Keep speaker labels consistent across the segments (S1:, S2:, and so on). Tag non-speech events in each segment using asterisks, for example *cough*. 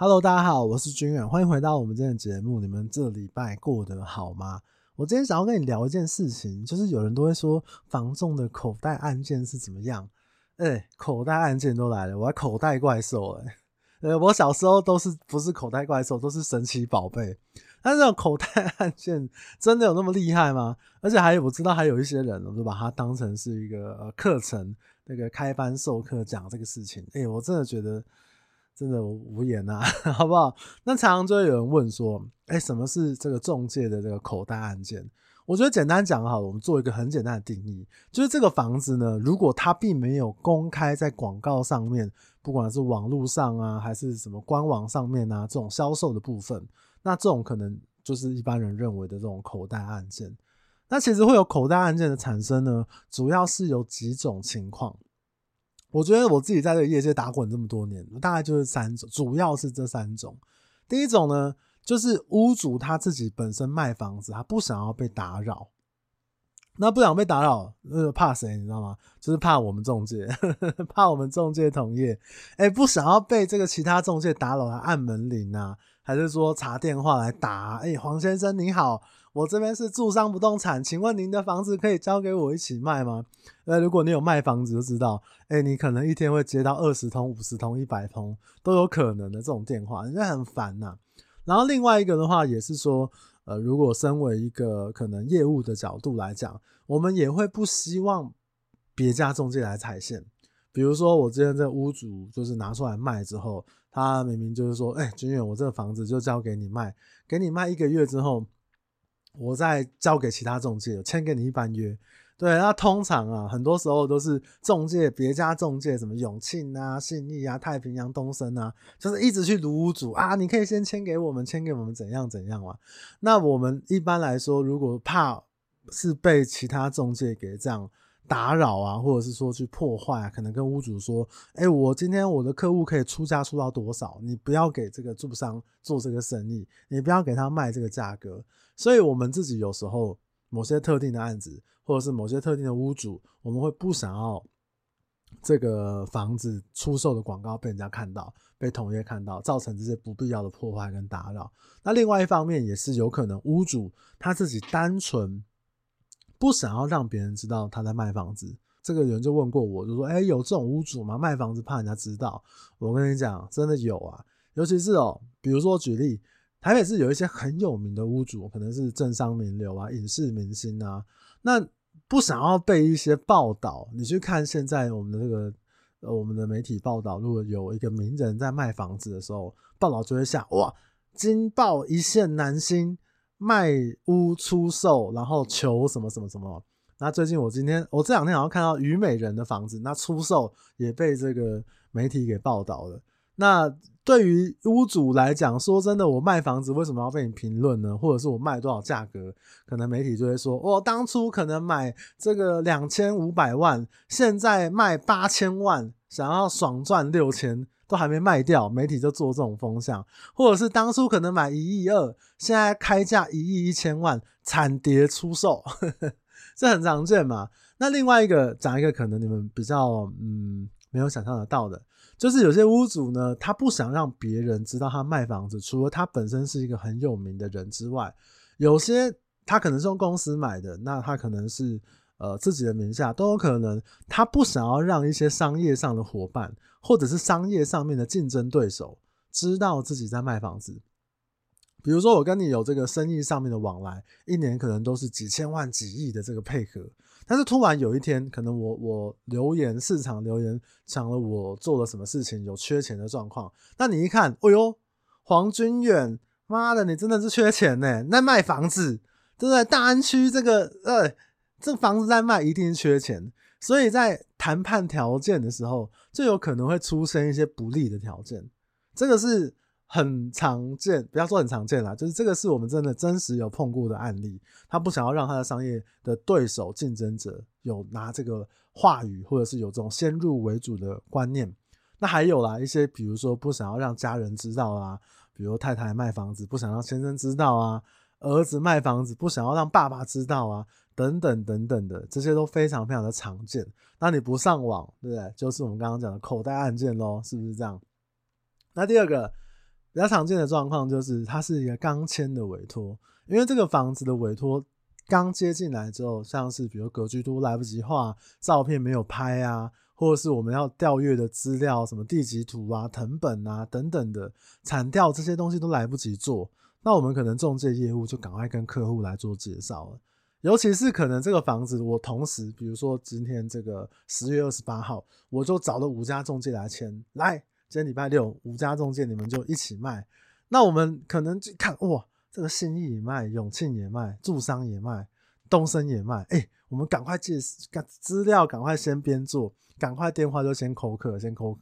S1: Hello，大家好，我是軍遠，歡迎回到我們今天的節目。你們這禮拜過得好嗎？我今天想要跟你聊一件事情，就是有人都會說，房仲的口袋案件是怎麼樣？誒、欸，口袋案件都來了，我還口袋怪獸誒、欸，呃、欸，我小時候都是不是口袋怪獸，都是神奇寶貝。但這種口袋案件真的有那麼厲害嗎？而且還有，我知道還有一些人，我都把它當成是一個課程，那個開班授課講這個事情。誒、欸，我真的覺得。真的無言啊，好不好？那常常就會有人問說，哎、欸，什麼是這個仲介的這個口袋案件？我覺得簡單講好了，我們做一個很簡單的定義，就是這個房子呢，如果它並沒有公開在廣告上面，不管是網路上啊，還是什麼官網上面啊，這種銷售的部分，那這種可能就是一般人認為的這種口袋案件。那其實會有口袋案件的產生呢，主要是有幾種情況。我覺得我自己在這個業界打滾這麼多年，大概就是三種，主要是這三種。第一種呢，就是屋主他自己本身賣房子，他不想要被打擾。那不想被打擾，那怕誰，你知道嗎？就是怕我們仲介， *laughs* 怕我們仲介同業。哎，不想要被這個其他仲介打擾來按門鈴啊，還是說查電話來打？哎，黃先生你好。我這邊是住商不動產，請問您的房子可以交給我一起賣嗎？呃，如果你有賣房子，就知道，欸，你可能一天會接到二十通、五十通、一百通都有可能的這種電話，人家很煩吶、啊。然後另外一個的話，也是說，呃，如果身為一個可能業務的角度來講，我們也會不希望別家中介來踩線。比如說我之前在屋主就是拿出來賣之後，他明明就是說，哎、欸，軍遠，我這個房子就交給你賣，給你賣一個月之後。我再交給其他中介，我簽給你一般約，對，那通常啊，很多時候都是中介別家中介，什麼永慶啊、信義啊、太平洋東森啊，就是一直去盧屋主啊。你可以先簽給我們，簽給我們怎樣怎樣嘛、啊。那我們一般來說，如果怕是被其他中介給這樣。打擾啊，或者是說去破壞啊，可能跟屋主說：“哎、欸，我今天我的客戶可以出價出到多少？你不要給這個住商做這個生意，你不要給他賣這個價格。”所以，我們自己有時候某些特定的案子，或者是某些特定的屋主，我們會不想要這個房子出售的廣告被人家看到，被同業看到，造成這些不必要的破壞跟打擾。那另外一方面，也是有可能屋主他自己單純。不想要讓別人知道他在賣房子，這個人就問過我，就說：“哎、欸，有這種屋主嗎？賣房子怕人家知道？”我跟你講，真的有啊，尤其是哦，比如說舉例，台北市有一些很有名的屋主，可能是政商名流啊、影視明星啊，那不想要被一些報道。你去看現在我們的這個呃我們的媒體報道，如果有一個名人，在賣房子的時候，報道就會想：“哇，驚爆一線男星。”賣屋出售，然後求什麼什麼什麼。那最近我今天，我這兩天好像看到虞美人的房子，那出售也被這個媒體給報道了。那。對於屋主來講，說真的，我賣房子為什麼要被你評論呢？或者是我賣多少價格？可能媒體就會說，我當初可能買這個兩千五百萬，現在賣八千萬，想要爽賺六千，都還沒賣掉，媒體就做這種風向，或者是當初可能買一億二，現在開價一億一千萬，慘跌出售，呵呵，這很常見嘛。那另外一個，講一個可能你們比較，嗯，沒有想象得到的。就是有些屋主呢，他不想讓別人知道他賣房子，除了他本身是一個很有名的人之外，有些他可能是用公司買的，那他可能是呃自己的名下都有可能，他不想要讓一些商業上的夥伴或者是商業上面的競爭對手知道自己在賣房子。比如說我跟你有這個生意上面的往來，一年可能都是幾千萬、幾億的這個配合。但是突然有一天，可能我我留言，市場留言講了我做了什麼事情，有缺錢的狀況。那你一看，哦、哎、呦，黃軍遠，媽的，你真的是缺錢呢、欸！那賣房子，對不對？大安區這個呃、欸，這房子在賣，一定是缺錢。所以在談判條件的時候，就有可能會出現一些不利的條件。這個是。很常見，不要說很常見啦，就是這個是我們真的真實有碰過的案例。他不想要讓他的商業的對手競爭者有拿這個話語，或者是有這種先入為主的觀念。那還有啦，一些比如說不想要讓家人知道啊，比如太太賣房子不想讓先生知道啊，兒子賣房子不想要讓爸爸知道啊，等等等等的，這些都非常非常的常見。那你不上網，對不對？就是我們剛剛講的口袋案件咯，是不是這樣？那第二個。比較常見的狀況就是，它是一個剛簽的委託，因為這個房子的委託剛接進來之後，像是比如格局都來不及畫，照片沒有拍啊，或者是我們要調閱的資料，什麼地籍圖啊、謄本啊等等的，產調這些東西都來不及做，那我們可能仲介業務就趕快跟客戶來做介紹了。尤其是可能這個房子，我同時，比如說今天這個十月二十八號，我就找了五家仲介來簽來。今天禮拜六五家中介你們就一起賣，那我們可能去看，哇，這個信義也賣，永慶也賣，住商也賣，東森也賣，哎、欸，我們趕快去趕資料，趕快先編做，趕快電話就先扣客，先扣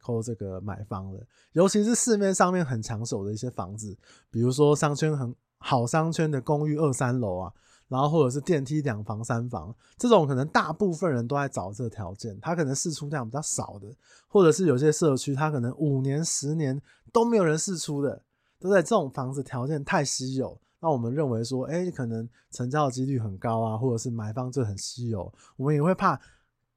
S1: 扣這個買方了。尤其是市面上面很搶手的一些房子，比如說商圈很好商圈的公寓二三樓啊。然後或者是電梯兩房三房這種，可能大部分人都在找這個條件，他可能釋出量比較少的，或者是有些社區他可能五年十年都沒有人釋出的，都在這種房子條件太稀有。那我們認為說，哎，可能成交的幾率很高啊，或者是買方就很稀有，我們也會怕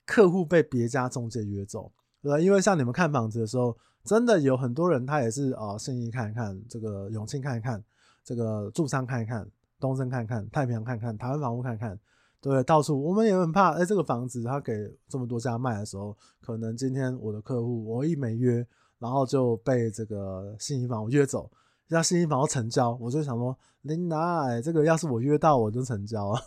S1: 客戶被別家中介約走，對吧？因為像你們看房子的時候，真的有很多人他也是啊，信、呃、義看一看，這個永慶看一看，這個住商，看一看。東森看看，太平洋看看，台灣房屋看看，對，到處我們也很怕。哎、欸，這個房子他給這麼多家賣的時候，可能今天我的客戶我一沒約，然後就被這個信義房我約走，要信義房成交，我就想說，林達，哎，這個要是我約到，我就成交了、啊。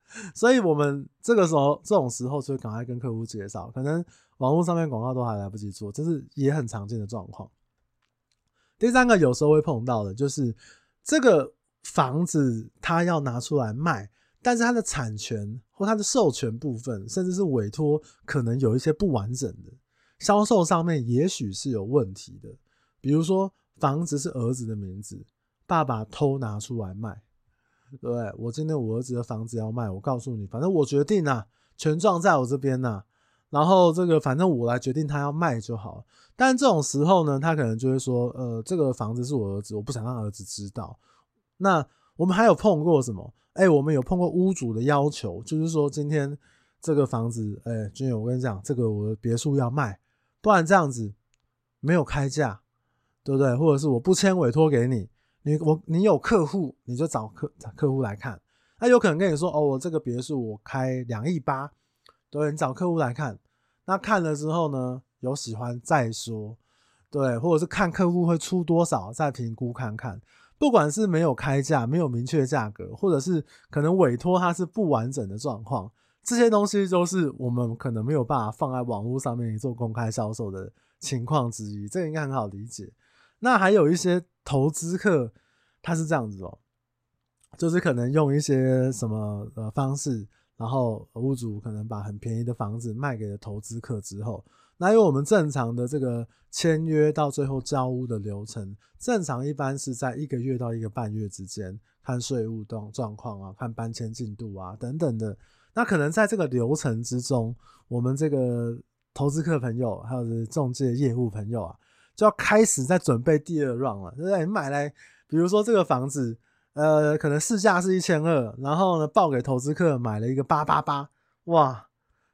S1: *laughs* 所以，我們這個時候這種時候就趕快跟客戶介紹，可能網絡上面廣告都還來不及做，這是也很常見的狀況。第三個有時候會碰到的，就是這個。房子他要拿出來賣，但是他的產權或他的授權部分，甚至是委託，可能有一些不完整的，銷售上面也許是有問題的。比如說，房子是兒子的名字，爸爸偷拿出來賣，對，我今天我兒子的房子要賣，我告訴你，反正我決定啊，權狀在我這邊吶，然後這個反正我來決定他要賣就好。但這種時候呢，他可能就會說，呃，這個房子是我兒子，我不想讓兒子知道。那我們還有碰過什麼？哎、欸，我們有碰過屋主的要求，就是說今天這個房子，哎、欸，軍遠，我跟你講，這個我的別墅要賣，不然這樣子沒有開價，對不對？或者是我不簽委托給你，你我你有客戶，你就找客找客戶來看，那有可能跟你說，哦，我這個別墅我開兩億八，對，你找客戶來看，那看了之後呢，有喜歡再說，對，或者是看客戶會出多少，再評估看看。不管是沒有開價、沒有明確價格，或者是可能委託它是不完整的狀況，這些東西都是我們可能沒有辦法放在網絡上面做公開銷售的情況之一。這個應該很好理解。那還有一些投資客，他是這樣子哦、喔，就是可能用一些什麼呃方式，然後屋主可能把很便宜的房子賣給了投資客之後。那有我們正常的這個簽約到最後交屋的流程，正常一般是在一個月到一個半月之間，看稅務狀狀況啊，看搬遷進度啊，等等的。那可能在這個流程之中，我們這個投資客朋友還有中介業務朋友啊，就要開始在準備第二 round 了，就是買來，比如說這個房子，呃，可能市價是一千二，然後呢報給投資客買了一個八八八，哇。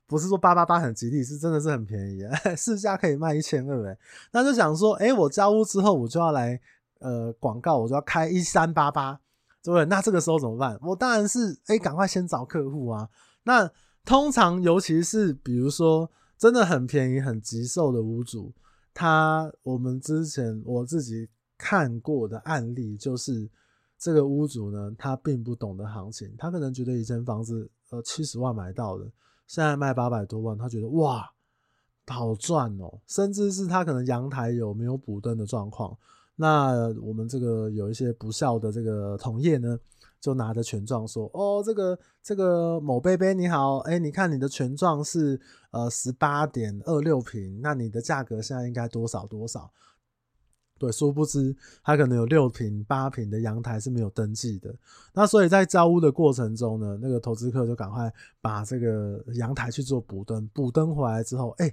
S1: 不是說八八八很吉利，是真的是很便宜，哎、市價可以賣一千二欸。那就想說，哎、欸，我交屋之後，我就要來呃廣告，我就要開一三八八，對不對？那這個時候怎麼辦？我當然是哎，趕、欸、快先找客戶啊。那通常，尤其是比如說真的很便宜、很急售的屋主，他我們之前我自己看過的案例，就是這個屋主呢，他並不懂得行情，他可能覺得一間房子呃七十萬買到的。現在賣八百多萬，他覺得哇，好賺哦、喔！甚至是他可能陽台有沒有補登的狀況，那我們這個有一些不肖的這個同業呢，就拿着權狀說，哦，這個這個某杯杯你好，哎、欸，你看你的權狀是呃十八點二六平，那你的價格現在應該多少多少？對，殊不知他可能有六坪、八坪的陽台是沒有登記的，那所以在交屋的過程中呢，那個投資客就趕快把這個陽台去做補登，補登回來之後，誒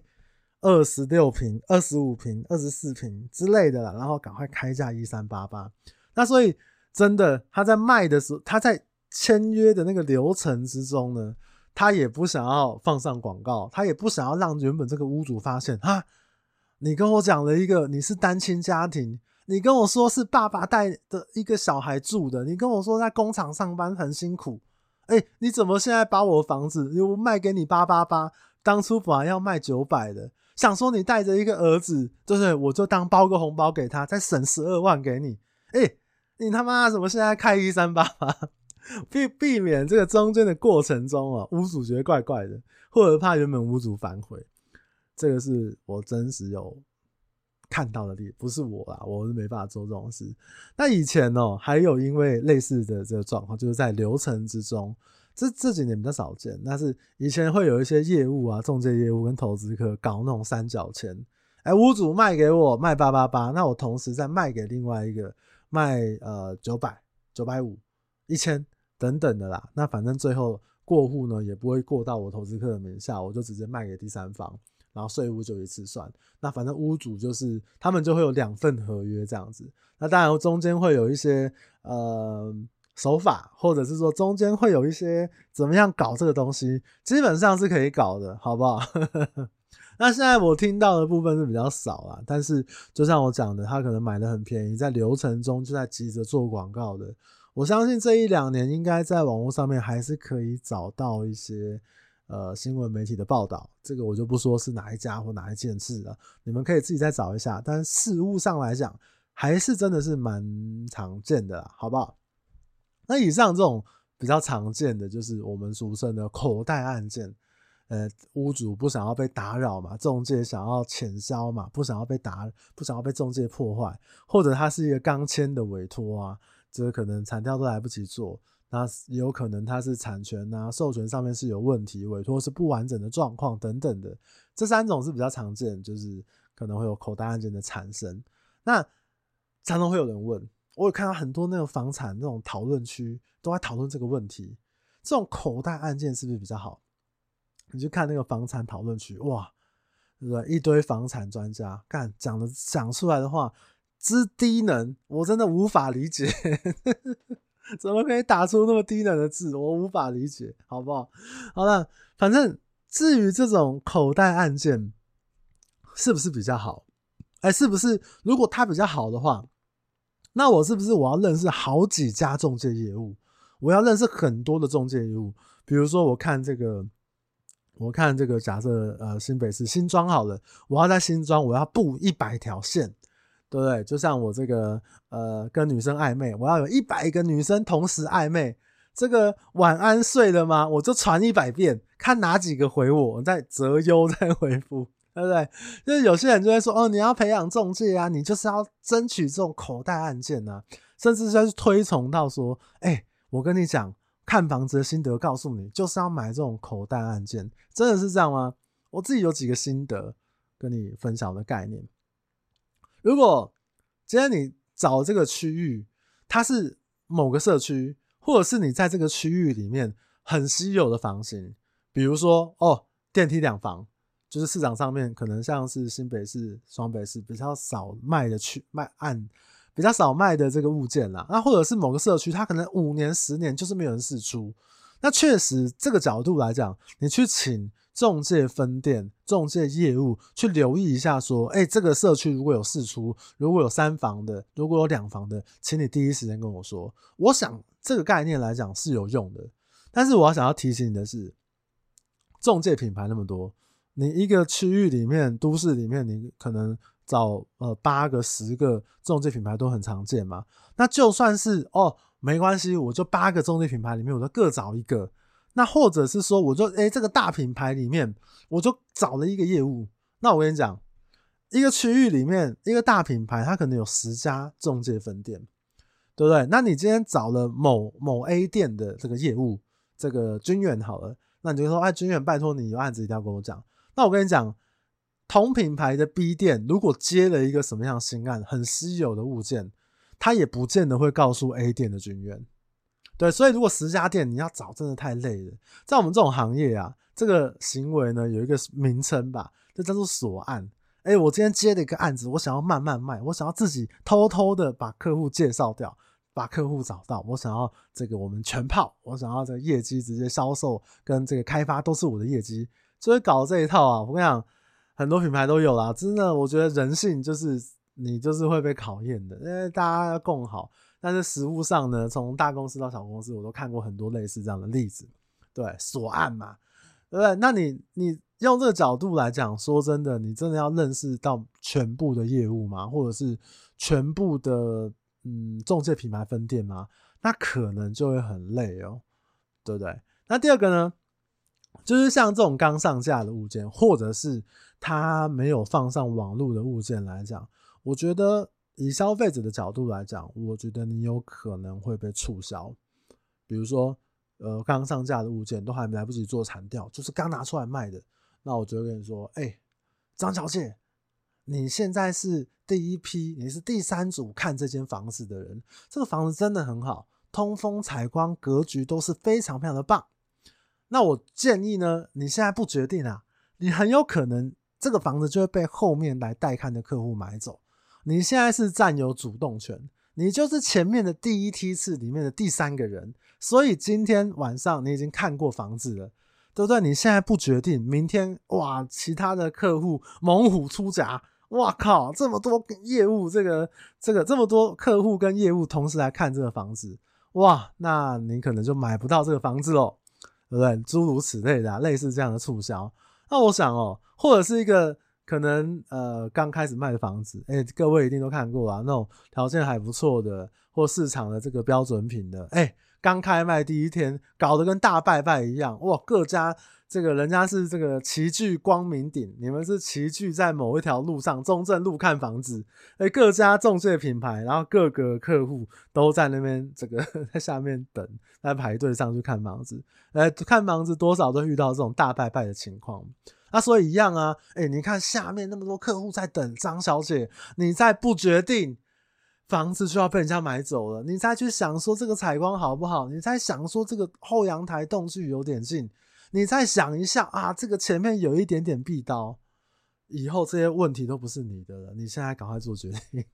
S1: 二十六坪、二十五坪、二十四坪之類的啦，然後趕快開價一三八八。那所以真的他在賣的時候，他在簽約的那個流程之中呢，他也不想要放上廣告，他也不想要讓原本這個屋主發現啊。你跟我講了一個，你是單親家庭，你跟我說是爸爸帶的一個小孩住的，你跟我說在工廠上班很辛苦，哎、欸，你怎麼現在把我房子又賣給你八八八？當初本來要賣九百的，想說你帶着一個兒子，就是我就當包個紅包給他，再省十二萬給你。哎、欸，你他媽怎麼現在開一三八八？避避免這個中間的過程中啊，屋主覺得怪怪的，或者怕原本屋主反悔。這個是我真實有看到的例子，不是我啦，我是沒辦法做這種事。那以前哦、喔，還有因為類似的這個狀況，就是在流程之中，這這幾年比較少見。但是以前會有一些業務啊，中介業務跟投資客搞那種三角錢，哎，屋主賣給我，賣八八八，那我同時再賣給另外一個賣呃九百九百五一千等等的啦，那反正最後過戶呢也不會過到我投資客的名下，我就直接賣給第三方。然後稅務就一次算，那反正屋主就是他們就會有兩份合約這樣子。那當然中間會有一些呃手法，或者是說中間會有一些怎麼樣搞這個東西，基本上是可以搞的，好不好？ *laughs* 那現在我聽到的部分是比較少啊，但是就像我講的，他可能買得很便宜，在流程中就在急着做廣告的。我相信這一兩年應該在網絡上面還是可以找到一些。呃，新聞媒體的報道，這個我就不說是哪一家或哪一件事了，你們可以自己再找一下。但實務上來講，還是真的是蠻常見的啦，好不好？那以上這種比較常見的，就是我們俗稱的“口袋案件”。呃，屋主不想要被打擾嘛，仲介想要潛銷嘛，不想要被打，不想要被仲介破壞，或者他是一個剛簽的委托啊，這、就是、可能產調都來不及做。那有可能它是產權啊，授權上面是有問題，委託是不完整的狀況等等的，這三種是比較常見，就是可能會有口袋案件的產生。那常常會有人問我，有看到很多那個房產那種討論區都在討論這個問題，這種口袋案件是不是比較好？你去看那個房產討論區，哇，一堆房產專家看講的講出來的話之低能，我真的無法理解。 *laughs* 怎麼可以打出那麼低能的字？我無法理解，好不好？好了，反正至於這種口袋案件是不是比較好？哎，是不是？如果它比較好的話，那我是不是我要認識好幾家仲介業務？我要認識很多的仲介業務。比如說，我看這個，我看這個，假設呃，新北市新莊好了，我要在新莊，我要布一百條線。對不對？就像我這個，呃，跟女生曖昧，我要有一百個女生同時曖昧，這個晚安睡了嗎？我就傳一百遍，看哪幾個回我，我再擇優再回復，對不對？就是有些人就會說，哦，你要培養仲介啊，你就是要爭取這種口袋案件啊，甚至是要推崇到說，哎、欸，我跟你講，看房子的心得告訴你，就是要買這種口袋案件，真的是這樣嗎？我自己有幾個心得跟你分享的概念。如果今天你找這個區域，它是某個社區，或者是你在這個區域裡面很稀有的房型，比如說哦，電梯兩房，就是市場上面可能像是新北市、雙北市比較少賣的區賣案，比較少賣的這個物件啦。那或者是某個社區，它可能五年、十年就是沒有人釋出。那確實這個角度來講，你去請。中介分店、中介業務去留意一下，說，哎、欸，這個社區如果有四出，如果有三房的，如果有兩房的，請你第一時間跟我說。我想這個概念來講是有用的，但是我要想要提醒你的是，中介品牌那麼多，你一個區域裡面、都市裡面，你可能找呃八個、十個中介品牌都很常見嘛。那就算是哦，沒關係，我就八個中介品牌裡面，我都各找一個。那或者是說，我就哎、欸，這個大品牌裡面，我就找了一個業務。那我跟你講，一個區域裡面一個大品牌，它可能有十家仲介分店，對不對？那你今天找了某某 A 店的這個業務，這個軍遠好了，那你就說，哎、欸，軍遠拜，拜託你有案子一定要跟我講。那我跟你講，同品牌的 B 店如果接了一個什麼樣的新案，很稀有的物件，他也不見得會告訴 A 店的軍遠。對，所以如果十家店你要找，真的太累了。在我們這種行業啊，這個行為呢有一個名稱吧，就叫做鎖案。哎，我今天接了一個案子，我想要慢慢賣，我想要自己偷偷的把客戶介紹掉，把客戶找到，我想要這個我們全包，我想要這個業績直接銷售跟這個開發都是我的業績，所以搞這一套啊。我跟你講，很多品牌都有啦。真的，我覺得人性就是你就是會被考驗的，因為大家要共好。但是實務上呢，從大公司到小公司，我都看過很多類似這樣的例子，對，鎖案嘛，對不對？那你你用這個角度來講，說真的，你真的要認識到全部的業務嗎？或者是全部的嗯仲介品牌分店嗎？那可能就會很累哦，喔，對不對？那第二個呢，就是像這種剛上架的物件，或者是它沒有放上網路的物件來講，我覺得。以消費者的角度來講，我覺得你有可能會被促銷。比如說，呃，剛上架的物件都還沒來不及做產調，就是剛拿出來賣的。那我就跟你說，哎、欸，張小姐，你現在是第一批，你是第三組看這間房子的人。這個房子真的很好，通風採光格局都是非常非常的棒。那我建議呢，你現在不決定啊，你很有可能這個房子就會被後面來帶看的客戶買走。你現在是佔有主動權，你就是前面的第一梯次裡面的第三個人，所以今天晚上你已經看過房子了，對不對？你現在不決定，明天哇，其他的客戶猛虎出閘，哇靠，這麼多業務，這個這個這麼多客戶跟業務同時來看這個房子，哇，那你可能就買不到這個房子嘍，對不對？諸如此類的啊，類似這樣的促銷，那我想哦、喔，或者是一個。可能呃剛開始賣的房子，哎、欸，各位一定都看過啊，那種條件還不錯的或市場的這個標準品的，哎、欸，剛開賣第一天，搞得跟大拜拜一樣，哇，各家這個人家是這個齊聚光明頂，你們是齊聚在某一條路上，中正路看房子，哎、欸，各家仲介品牌，然後各個客戶都在那邊這個 *laughs* 在下面等，在排隊上去看房子，哎、欸，看房子多少都遇到這種大拜拜的情況。他說、啊、一樣啊，哎、欸，你看下面那麼多客戶在等張小姐，你再不決定，房子就要被人家買走了。你再去想說這個採光好不好，你再想說這個後陽台棟距有點近，你再想一下啊，這個前面有一點點壁刀，以後這些問題都不是你的了。你現在趕快做決定，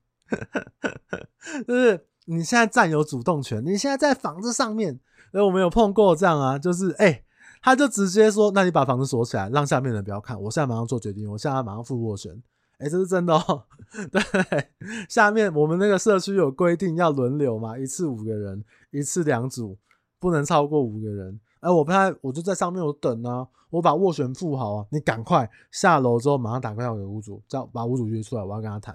S1: *laughs* 就是你現在佔有主動權，你現在在房子上面，哎，我們有碰過這樣啊，就是哎。欸他就直接說：“那你把房子鎖起來，讓下面的人不要看。我現在馬上做決定，我現在馬上付斡旋。哎、欸，這是真的哦、喔。對，下面我們那個社區有規定，要輪流嘛，一次五個人，一次兩組，不能超過五個人。哎、欸，我怕，我就在上面，我等啊，我把斡旋付好啊，你趕快下樓之後馬上打電話給屋主，叫把屋主約出來，我要跟他談，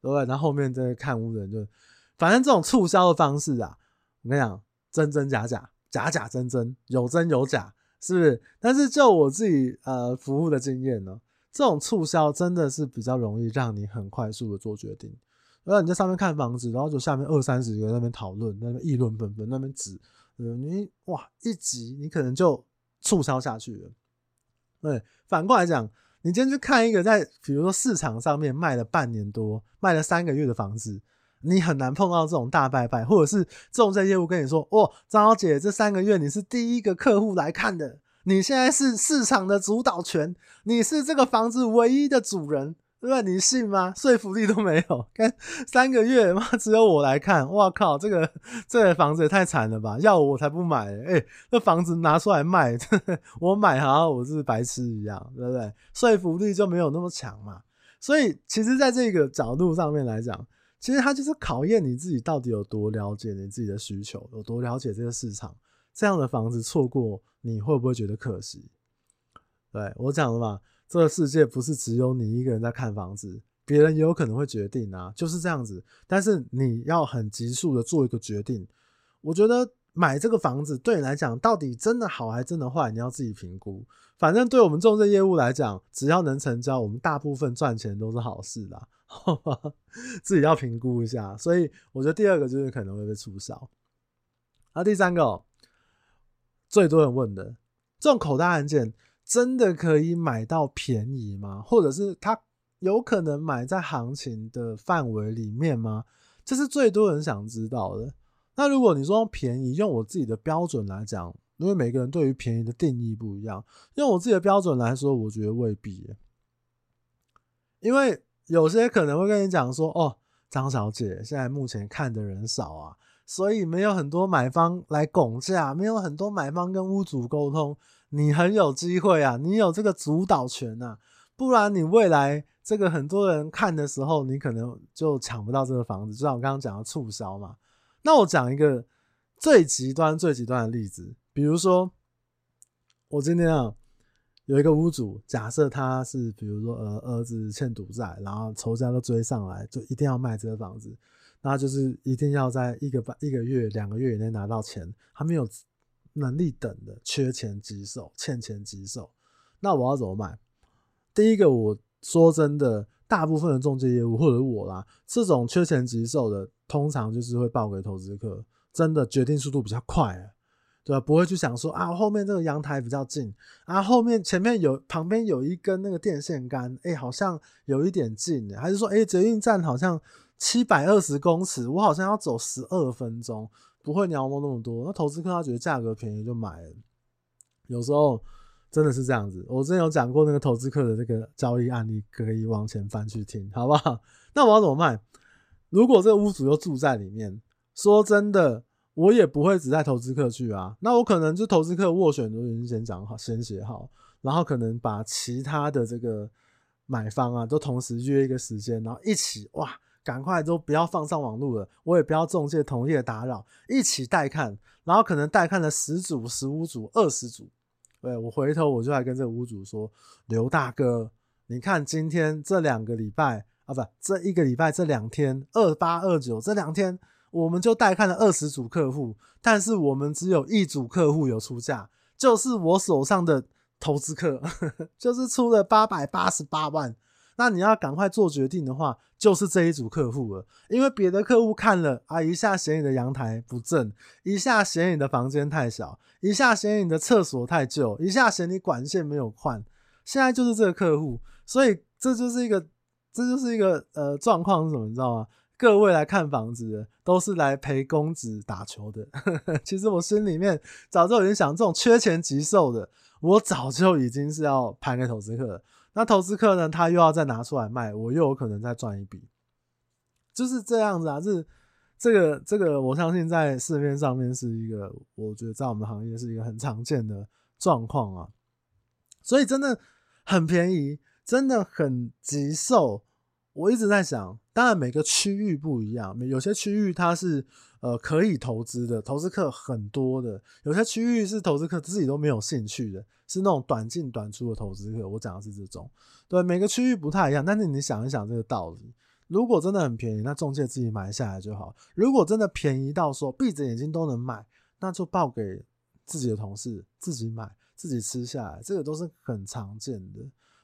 S1: 對不對？然後後面在看屋人就，反正這種促銷的方式啊，我跟你講，真真假假，假假真真，有真有假。”是不是？但是就我自己呃服務的經驗呢、喔，這種促銷真的是比較容易讓你很快速的做決定。然後你在上面看房子，然後就下面二三十個那邊討論，那邊議論紛紛，那邊指，你哇一急你可能就促銷下去了。對，反過來講，你今天去看一個在比如說市場上面賣了半年多、賣了三個月的房子。你很難碰到這種大拜拜，或者是這種在業務跟你說：“哦，張小姐，這三個月你是第一個客戶來看的，你現在是市場的主導權，你是這個房子唯一的主人，對不對？你信嗎？說服力都沒有。跟三個月嘛，只有我來看，哇靠，這個這個房子也太慘了吧！要我我才不買，欸、，誒、欸、這房子拿出來賣，呵呵我買好像我是白痴一樣，對不對？說服力就沒有那麼強嘛。所以其實，在這個角度上面來講，其實它就是考驗你自己到底有多了解你自己的需求，有多了解這個市場。這樣的房子錯過，你會不會覺得可惜？對我講了嘛，這個世界不是只有你一個人在看房子，別人也有可能會決定啊，就是這樣子。但是你要很急速的做一個決定。我覺得買這個房子對你來講，到底真的好還是真的壞，你要自己評估。反正對我們仲介業務來講，只要能成交，我們大部分賺錢都是好事啦。 *laughs* 自己要評估一下，所以我覺得第二個就是可能會被促銷。那第三個、喔，最多人問的這種口袋案件，真的可以買到便宜嗎？或者是它有可能買在行情的範圍裡面嗎？這是最多人想知道的。那如果你說便宜，用我自己的標準來講，因為每個人對於便宜的定義不一樣，用我自己的標準來說，我覺得未必、欸，因為。有些可能會跟你講說，哦，張小姐，現在目前看的人少啊，所以沒有很多買方來拱價，沒有很多買方跟屋主溝通，你很有機會啊，你有這個主導權吶、啊，不然你未來這個很多人看的時候，你可能就搶不到這個房子。就像我剛剛講的促銷嘛，那我講一個最極端、最極端的例子，比如說，我今天啊。有一個屋主，假設他是比如說呃兒子欠賭債，然後仇家都追上來，就一定要賣這個房子，那就是一定要在一個半一個月、兩個月以內拿到錢。他沒有能力等的，缺錢急售，欠錢急售。那我要怎麼賣？第一個，我說真的，大部分的中介業務或者我啦，這種缺錢急售的，通常就是會報給投資客，真的決定速度比較快，欸。對啊，不會去想說啊，後面這個陽台比較近啊，後面前面有旁邊有一根那個電線桿，哎、欸，好像有一點近。還是說，哎、欸，捷運站好像七百二十公尺，我好像要走十二分鐘，不會要摸那麼多。那投資客他覺得價格便宜就買了，有時候真的是這樣子。我之前有講過那個投資客的這個交易案例，可以往前翻去聽，好不好？那我要怎麼辦？如果這個屋主又住在裡面，說真的。我也不會只帶投資客去啊，那我可能就投資客斡選就先講好，先寫好，然後可能把其他的這個買方啊，都同時約一個時間，然後一起哇，趕快都不要放上網路了，我也不要仲介同業打擾，一起帶看，然後可能帶看了十組、十五組、二十組，對我回頭我就來跟這個屋主說，劉大哥，你看今天這兩個禮拜啊，不，這一個禮拜這兩天二八二九這兩天。我們就帶看了二十組客戶，但是我們只有一組客戶有出價，就是我手上的投資客，呵呵，就是出了八百八十八萬。那你要趕快做決定的話，就是這一組客戶了，因為別的客戶看了啊，一下嫌你的陽台不正，一下嫌你的房間太小，一下嫌你的廁所太舊，一下嫌你管線沒有換。現在就是這個客戶，所以這就是一個，這就是一個呃狀況是什麼，你知道嗎？各位來看房子的，都是來陪公子打球的。 *laughs* 其實我心裡面早就已經想，這種缺錢急售的，我早就已經是要拍給投資客了。那投資客呢，他又要再拿出來賣，我又有可能再賺一筆。就是這樣子啊，是這個這個，這個、我相信在市面上面是一個，我覺得在我們行業是一個很常見的狀況啊。所以真的很便宜，真的很急售。我一直在想，當然每個區域不一樣，有些區域它是呃可以投資的，投資客很多的；有些區域是投資客自己都沒有興趣的，是那種短進短出的投資客。我講的是這種。對，每個區域不太一樣，但是你想一想這個道理：如果真的很便宜，那仲介自己買下來就好；如果真的便宜到說閉着眼睛都能買，那就報給自己的同事自己買，自己吃下來，這個都是很常見的。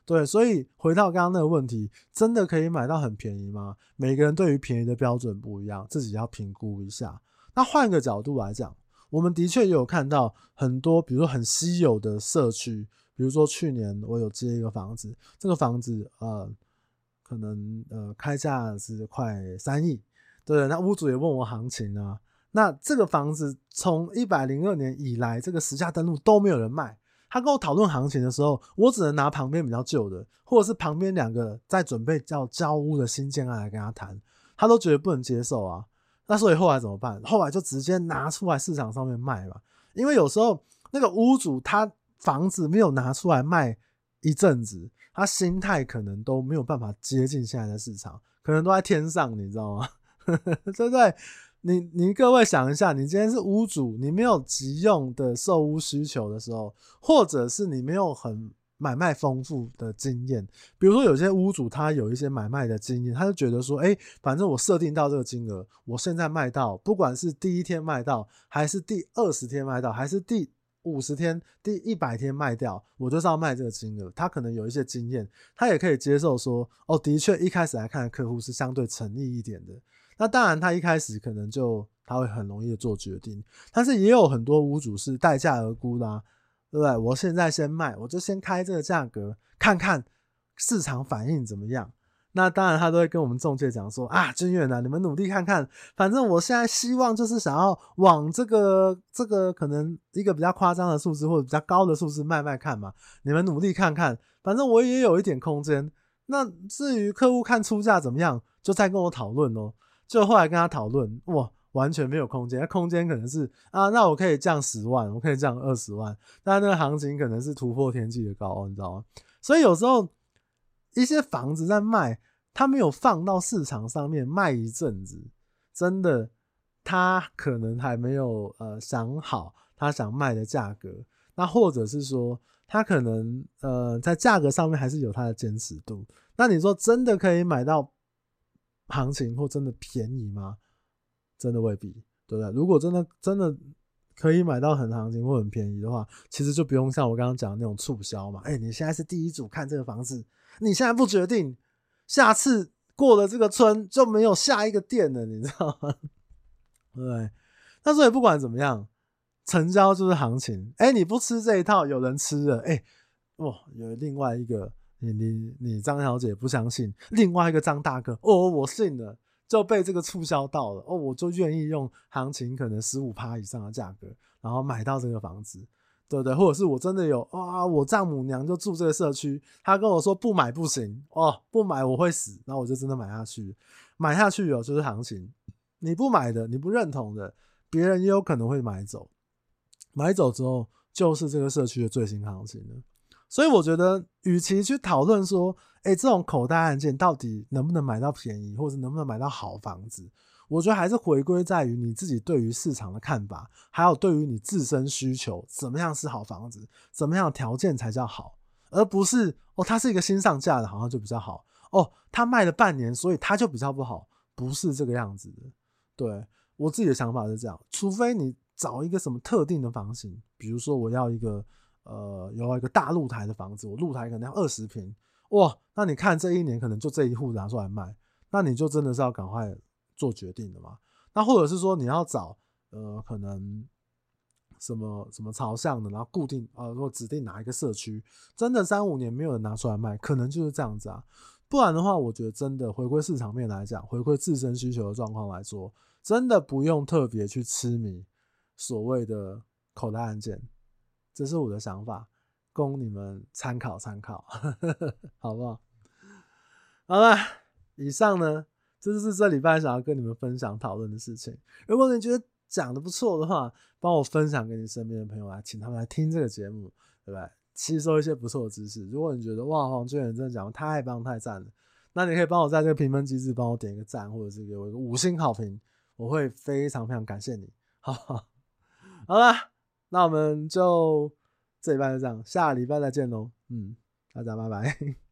S1: 對，所以回到剛剛那個問題，真的可以買到很便宜嗎？每個人對於便宜的標準不一樣，自己要評估一下。那換個角度來講，我們的確也有看到很多，比如說很稀有的社區，比如說去年我有接一個房子，這個房子呃，可能呃開價是快三億，對，那屋主也問我行情啊，那這個房子從一百零二年以來，這個實價登錄都沒有人賣。他跟我討論行情的時候，我只能拿旁邊比較舊的，或者是旁邊兩個在準備叫交屋的新建案來跟他談，他都覺得不能接受啊。那所以後來怎麼辦？後來就直接拿出來市場上面賣嘛。因為有時候那個屋主他房子沒有拿出來賣一陣子，他心態可能都沒有辦法接近現在的市場，可能都在天上，你知道嗎？ *laughs* 對不對，對？你你各位想一下，你今天是屋主，你沒有急用的售屋需求的時候，或者是你沒有很買賣豐富的經驗。比如說，有些屋主他有一些買賣的經驗，他就覺得說，欸，反正我設定到這個金額，我現在賣到，不管是第一天賣到，還是第二十天賣到，還是第五十天、第一百天賣掉，我就是要賣這個金額。他可能有一些經驗，他也可以接受說，哦，的確一開始來看的客戶是相對誠意一點的。那當然，他一開始可能就他會很容易的做決定，但是也有很多屋主是待價而沽啦，對不對？我現在先賣，我就先開這個價格看看市場反應怎麼樣。那當然，他都會跟我們仲介講說啊，軍遠啊，你們努力看看，反正我現在希望就是想要往這個這個可能一個比較誇張的數字或者比較高的數字賣賣看嘛，你們努力看看，反正我也有一點空間。那至於客戶看出價怎麼樣，就再跟我討論咯。就後來跟他討論，哇，完全沒有空間。那空間可能是啊，那我可以降十萬，我可以降二十萬，但是那個行情可能是突破天際的高，你知道嗎？所以有時候一些房子在賣，他沒有放到市場上面賣一陣子，真的，他可能還沒有呃想好他想賣的價格，那或者是說他可能呃在價格上面還是有他的堅持度。那你說真的可以買到？行情或真的便宜嗎？真的未必，對不對？如果真的真的可以買到很行情或很便宜的話，其實就不用像我剛剛講的那種促銷嘛。哎，你現在是第一組看這個房子，你現在不決定，下次過了這個村就沒有下一個店了，你知道嗎？對。那所以不管怎麼樣，成交就是行情。哎，你不吃這一套，有人吃了。哎，哦，有另外一個。你你你，張小姐不相信，另外一個張大哥哦，我信了，就被這個促銷到了哦，我就願意用行情可能十五趴以上的價格，然後買到這個房子，對不對，對？或者是我真的有啊，哦，我丈母娘就住這個社區，她跟我說不買不行哦，不買我會死，那我就真的買下去，買下去有就是行情。你不買的，你不認同的，別人也有可能會買走，買走之後就是這個社區的最新行情了。所以我覺得，與其去討論說，誒、欸、這種口袋案件到底能不能買到便宜，或是能不能買到好房子，我覺得還是回歸在於你自己對於市場的看法，還有對於你自身需求，怎麼樣是好房子，怎麼樣條件才叫好，而不是哦，它是一個新上架的，好像就比較好哦，它賣了半年，所以它就比較不好，不是這個樣子的。對，我自己的想法是這樣，除非你找一個什麼特定的房型，比如說我要一個。呃，有一個大露台的房子，我露台可能要二十坪，哇！那你看這一年可能就這一戶拿出來賣，那你就真的是要趕快做決定了嘛。那或者是說你要找呃，可能什麼什麼朝向的，然後固定呃，或指定哪一個社區，真的三五年沒有人拿出來賣，可能就是這樣子啊。不然的話，我覺得真的回歸市場面來講，回歸自身需求的狀況來說，真的不用特別去痴迷所謂的口袋案件。這是我的想法，供你們參考參考呵呵，好不好？好了，以上呢，這就是這禮拜想要跟你們分享討論的事情。如果你覺得講的不錯的話，幫我分享給你身邊的朋友來，來請他們來聽這個節目，對吧？吸收一些不錯的知識。如果你覺得哇，黃軍遠真的講的太棒太讚了，那你可以幫我在這個評分機制幫我點一個讚，或者是給我一個五星好評，我會非常非常感謝你。好不好？好了。那我們就這禮拜就這樣，下禮拜再見嘍。嗯，大家拜拜。